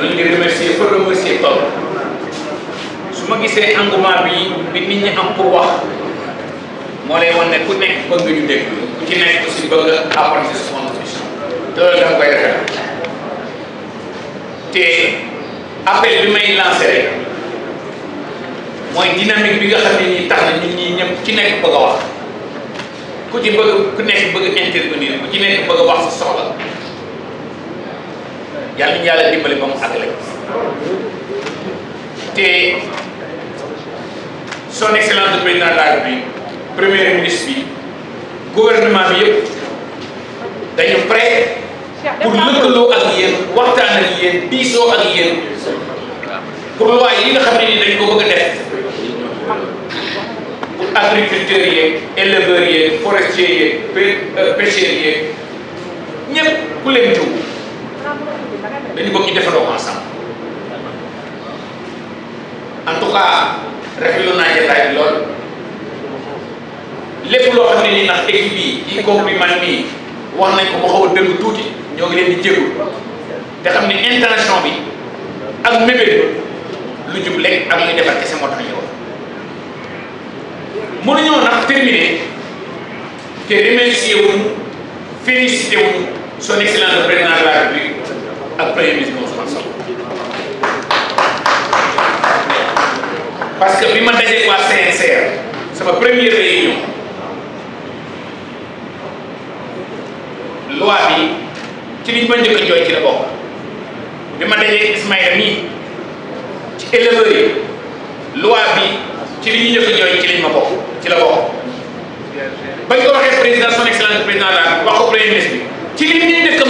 li di remercier fa remercier toll su ma gisee engouement bi bi nit ñi am pour moo lay wan ne ku nekk bëgg ñu dégg ku ci nekk aussi bëgg a apporter te loolu dama koy te appel bi may lancé rek mooy dynamique bi nga ni ne nii tax na nit ci nekk bëgg a wax ku ci bëgg ku nekk bëgg intervenir ku nekk bëgg a wax sa yàlla ñu yàlla dimbali ba mu àggale te son excellence le président de la République premier ministre bi gouvernement bi yëpp dañu prêt pour lëkkaloo ak waxtaan ak yéen diisoo ak yéen pour loi yi nga xam ne ni dañ ko bëgg a def pour agriculteurs yeeg éleveurs yeeg forestiers yeeg euh, pêcheurs yeeg ñëpp ku leen dañu bëgg ñu defandoo ko ensemble en tout cas rafetlu naa jotaay bi lool lépp loo xam ne nii ndax équipe bi yi koom mii wax nañ ko mu xaw a tuuti ñoo ngi leen di te xam ne intention bi ak mébét lu jub lekk ak ñu defar kese moo tax ñu wax mënuñoo nag terminer te remercier wuñu félicité wuñu son excellence le président de la premier ministre Ousmane Sonko parce que bi ma dajee waa CNCR sama première réunion loi bi ci liñ ma njëkk a jooy ci la bokk bi ma dajee Ismaïla mii ci éleveurs yi loi bi ci li ñu njëkk a jooy ci liñ ma bokk ci la bokk bañ ko waxee président son excellence président la wax ko premier ministre bi ci li ñuy nekk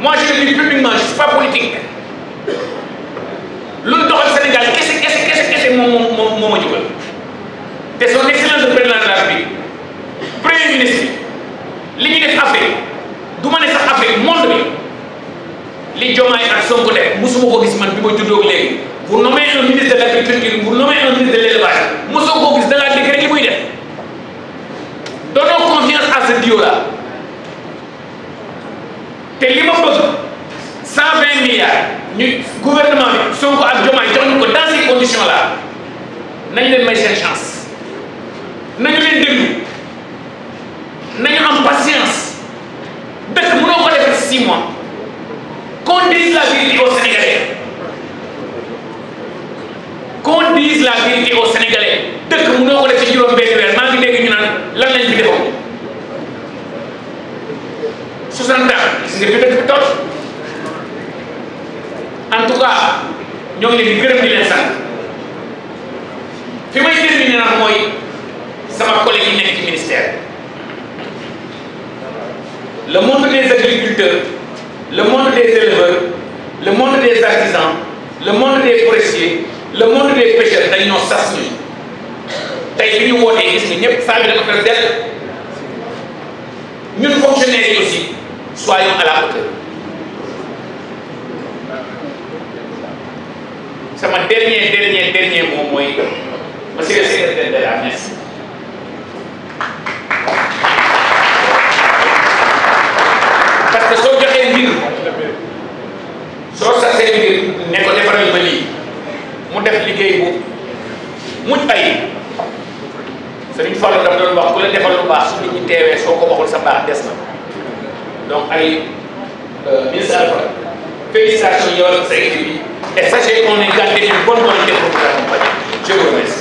Moi, je le dis publiquement, je ne suis pas politique. Le droit Sénégal, qu'est-ce que c'est ce que mon mon mon C'est son excellence de président de la République. Premier ministre, les ministres affaires, affaire, monde les Diomaye ak Sonko def musuma ko man vous nommez un ministre de l'agriculture vous nommez un ministre de l'élevage ñu gouvernement bi Sonko ak Diomaye jox ñu ko dans ces conditions leen may seen chance nañu leen déglu nañu am patience dëkk mënoo ko defee six mois qu'on dise la vérité aux Sénégalais qu'on dise la vérité aux Sénégalais dëkk mënoo ko defee juróom benn weer maa ngi dégg ñu lan lañ fi defoon 60 ans gis nga fi en tout cas ñoo ngi leen di gërëm di leen sant fi may terminer mooy sama collègue yi nekk ci ministère le monde des agriculteurs le monde des éleveurs le monde des artisans le monde des forestiers le monde des pêcheurs dañ ñoo sas ñu tey li ñu wootee gis nga ñëpp saa bi dafa def del ñun fonctionnaires yi aussi soyons Monique. Monsieur le secrétaire d'État, merci. parce que soo joxee mbir soo sasee ne ko defaral ma lii mu def liggéey bu mucc ayib Sëriñ Fallu daf doon wax ku la defal lu baax su nit ñi teewee soo ko waxul sa baax des na donc ay euh, ministre Alpha félicitations yow ak sa équipe bi et sachez qu'on est gardé une bonne volonté giveaways.